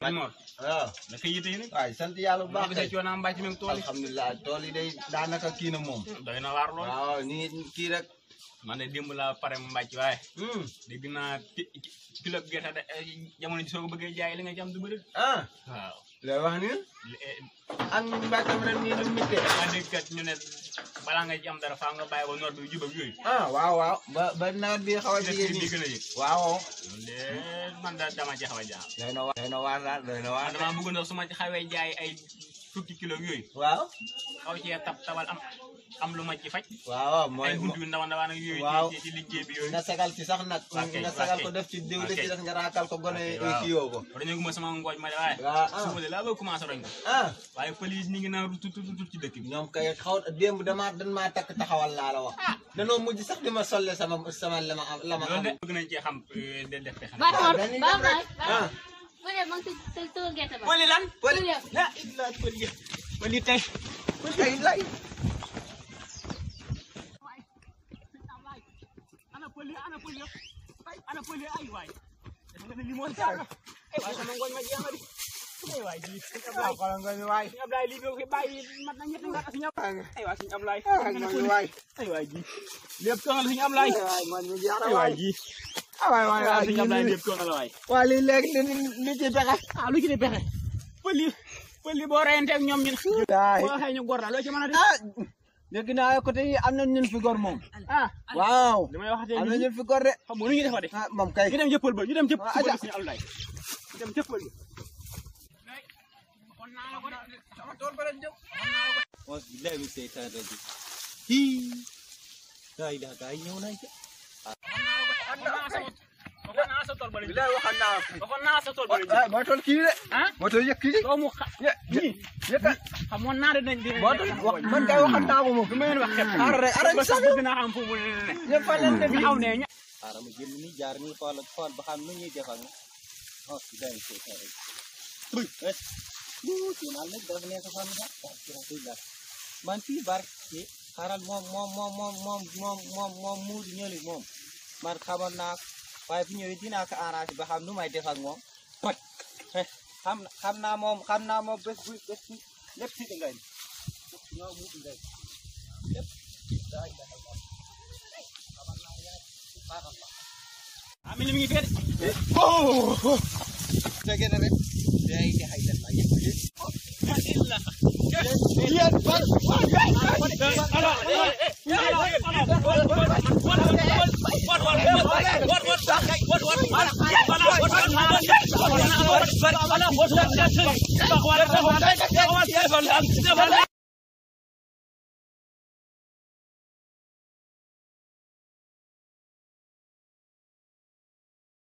waaw ah. naka yite yi nag ah, waaw sant yàlla bu baax kay coonaa mbaa ci même tool yi alhamdulilah tool yi day daanaka kii na moom doy na waar lool ah, ni kii rek man démb laa pare mbàcc waaye dégg naa kilo gerte de ji soo bëggee jaay li jam du bëri ah waaw lay wax ren nii lu mittee ma dégg kat ñu ne balaa nga am dara faa nga bàyyi ba noor bi jub ak yooyu. ah waaw waaw ba ba nawet bi xaw a jigéen ñi gën a yëg waaw. dama ci xaw a jaaxal. doy na waar doy ah, su ma ci xawee ay fukki kilo yooyu. waaw xaw cee tab tabal am. am lu ma ci faj. waaw mooy ay gudd yu ndaw ndawaan ak yooyu. waaw ci liggéey bi yooyu. nga segal ci sax nag. nga segal ko def ci diw li ci des nga raakal ko gone kii yoo ko. waaw roñaguma sama ngooñ ma de waaye. waaw ah suba de laa bëgg commencé roñ ko. ah waaye pëlis ni ngi naan rutut rutut ci dëkk bi. ñoom kay xaw démb damaa dan maa takk taxawal laa la wax. Ah. danoo mujj sax di ma solle sama sama lama lama. loolu de bëgg nañ cee xam euh, de def pexe. waaw dañuy def rek ah. pële ma ngi si sa gerte ba. pële lan pële. pële tey pële tey kulle ay waay dafa gën a limoon saaka waaye sama ngooñ ma jeex na di ay waay di suñu ablaay xoolal ngooñ waay suñu ablaay lii boo ko bàyyi mat na ñetti nga suñu ablaay ay waay suñu ablaay ngooñ waay ay waay ji lépp toonal suñu ablaay ngooñ mi waay ji ah waay waay waay suñu ablaay lépp toonal waay waa lii li li ci pexe ah lu ci di pexe pëli pëli boo reyanteeg ñoom ñu boo xëy ñu gor la loo ci mën a dégg naa côté yi am na ñun fi gor moom. ah waaw am na ñun fi gor de. xam nga nu ñuy defar de. ah moom kay ñu dem jëppal ba ñu dem jëppal ah, ba suñu dem jëppal ba. waaw bilaay bi seytaan raji hii. daa yi daa yi ñëw nañ waxoon naa sa naa waxoon naa sa tool ba moom. moom moom moom moom moom moom moom naa waaye bu ñëwee dinaa ko arrangé ba xam nu may def ak moom toj xam xam naa moom xam naa moom bés bu bés bu lépp si di ngay mu di ngay lépp daay daxal moom xamal naa yaay baaxal baax am ni mi ngi fee de fekkee ne rek barki wala hotel